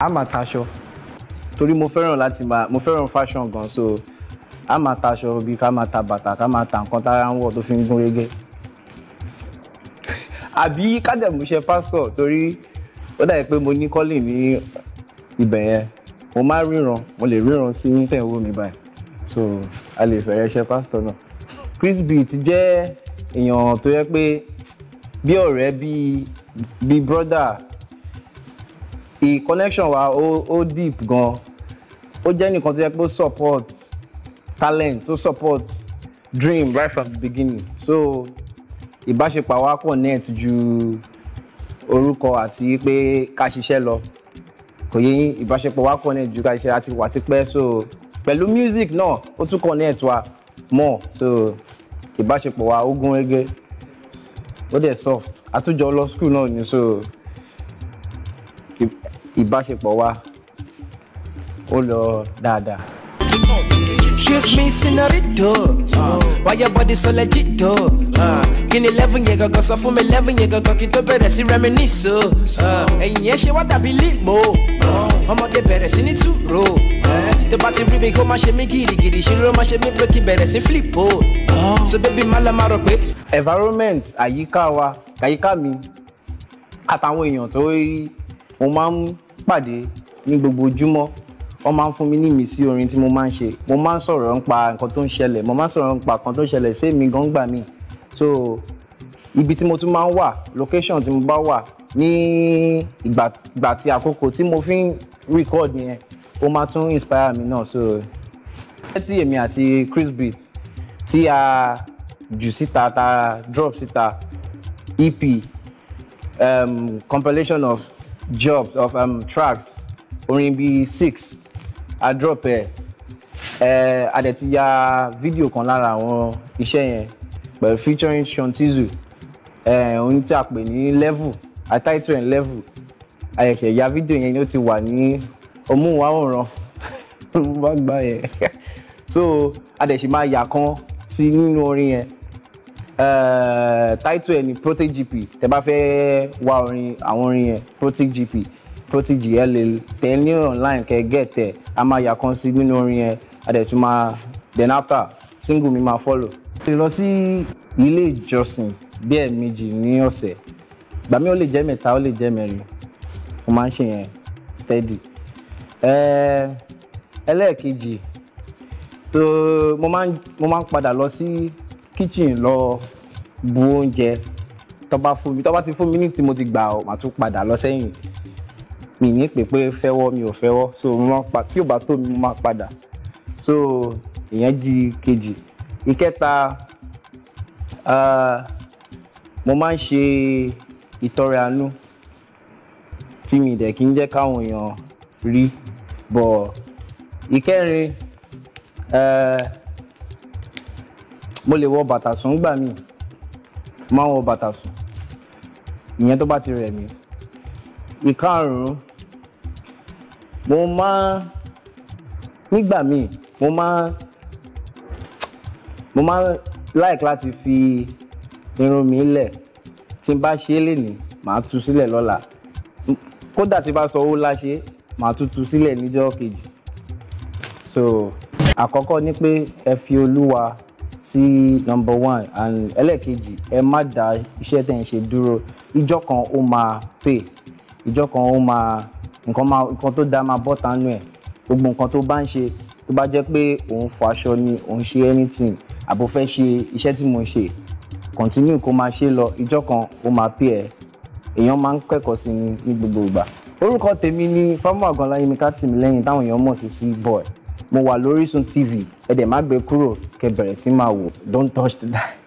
a máa taṣọ torí mo fẹ́ràn láti máa mo fẹ́ràn fashion gan so a máa taṣọ bí ká máa ta bàtà ká máa ta nǹkan tára ń wọ̀ tó fi ń gún régé àbí kádẹ̀múṣe pásítọ̀ torí ó dàbí pé mo ní kọ́lì ní ibẹ̀ yẹn mo máa ríran mo lè ríran sí tẹ̀ ń báyìí so a lè fẹ̀rẹ̀ ṣe pásítọ̀ náà Chris Beat jẹ́ èèyàn tó yẹ pé bí ọ̀rẹ́ bí bí brother i connection wa ó ó deep gan ó jẹ́ nìkan tó yẹ pé ó support talent tó support dream right from the beginning so ìbáṣepọ̀ àwa connect ju orúkọ àti pé ká ṣiṣẹ́ lọ kò yẹ ìbáṣepọ̀ wa connect ju ká ṣiṣẹ́ àti wà tipẹ́ so pẹ̀lú music náà ó tún connect wa more so ìbáṣepọ̀ wa ó gún régé ó dẹ̀ soft àtúnjọ lọ school náà ni so ìbáṣepọ̀ wa ó lọ dáadáa. Excuse me, senorito. Uh, why your body so legito? though? Uh, kí ni eleven yẹn gangan sọ fún mi eleven yẹn gangan kí n tó bẹ̀rẹ̀ sí reminisce oh. uh, ẹ̀yìn yẹn ṣe wá dàbí limo. Uh, ọmọge bẹ̀rẹ̀ sí ní túró. Uh, tó bá ti rí mi kó má ṣe mí gírígírí ṣe ló má ṣe mí pé kí n bẹ̀rẹ̀ sí flip oh. uh-huh. so baby má lọ má rọ pé. environment àyíká wa àyíká mi àtàwọn èèyàn tó mo máa ń pàdé ní gbogbo ojúmọ́ wọ́n máa ń fún mi ní ìmísí orin tí mo máa ń ṣe mo máa ń sọ̀rọ̀ nípa nǹkan tó ń ṣẹlẹ̀ mo máa ń sọ̀rọ̀ nípa nǹkan tó ń ṣẹlẹ̀ sí èmi gan gbà mí so ibi tí mo tún máa ń wà location tí mo bá wà ní ìgbà tí àkókò tí mo fi ń record yẹn ó máa tún inspire mi náà so ẹ tí èmi àti Chris Beat tí a jù síta tá drop síta EP um, compilation of jobs of um, tracks orin bíi six I drop ẹ ẹ eh, a dẹ̀ ti ya video kan lára àwọn iṣẹ́ yẹn pẹ̀lú featuring Sean Tizu ẹ òun tí a pè ní level a title ẹ̀ level a ṣẹ̀ṣẹ̀ ya video yẹn ó ti wà ní ọmúhùnmáwòrán mo bá gbà yẹn so a dẹ̀ ṣì máa yà kan sí nínú orin yẹn. Eh, title ẹ̀ ní protege gp tẹ́ bá fẹ́ wá orin àwọn orin yẹn protege gp protege GL. lè online kẹ́ get ẹ̀ a máa yà kan sí nínú orin yẹn a then after single mi máa follow. lè lọ sí ilé ìjọsìn bí ẹ̀ẹ̀mejì ní ọ̀sẹ̀ gbà mí ó lè jẹ́ mẹ́ta ó lè jẹ́ mẹ́rin mo máa ń ṣe yẹn steady. Eh, ẹlẹ́ẹ̀kejì tó mo máa ń padà lọ sí. Si, kitchen lọ bu oúnjẹ tó bá fún mi tó bá ti fún mi ní tí mo ti gbà ọ màá tún padà lọ sẹ́yìn mi ní pè pé fẹ́wọ́ mi ò fẹ́wọ́ so mo máa pa tí ò bá tó mi mo máa padà so ìyẹn di kejì ìkẹta mo máa ń ṣe ìtọrẹ àánú tí mi dẹ̀ kí ń jẹ́ káwọn èèyàn rí bọ̀ ìkẹrin mo lè wọ bàtà sùn gbà mí máa ń wọ bàtà sùn ìyẹn tó bá ti rẹ̀ mí ìkarùn-ún mo máa nígbà míì mo máa mo máa like láti fi irun mi lẹ̀ tí n bá ṣe é lénìí màá tú sílẹ̀ lọ́la kódà tí bá sọ owó láṣẹ màá tún tú sílẹ̀ níjọ́ kejì so àkọ́kọ́ ni pé ẹ fi Olúwa sí number one and ẹlẹ́ẹ̀kejì ẹ má da iṣẹ́ tẹ̀ ń ṣe dúró ìjọ kan ó máa pay ìjọ kan ó máa nǹkan máa nǹkan tó dáa máa bọ́ tánú ẹ̀ gbogbo nǹkan tó bá ń ṣe tó bá jẹ́ pé òun fọ aṣọ ni òun ṣe anything àbò fẹ́ ṣe iṣẹ́ tí mo ń ṣe continue kó máa ṣe lọ ìjọ kan ó máa pay ẹ èèyàn máa ń kẹ́kọ̀ọ́ sí ni ní gbogbo ìgbà orúkọ tèmi ni Famuyiwa Agboola Yinka Tìmílẹ́yìn táwọn èèyàn mọ̀ sí sí boy mo wà lórí Orísun TV ẹ dẹ̀ má gbé kúrò kẹ́ bẹ̀rẹ̀ sí máa wò don't touch that.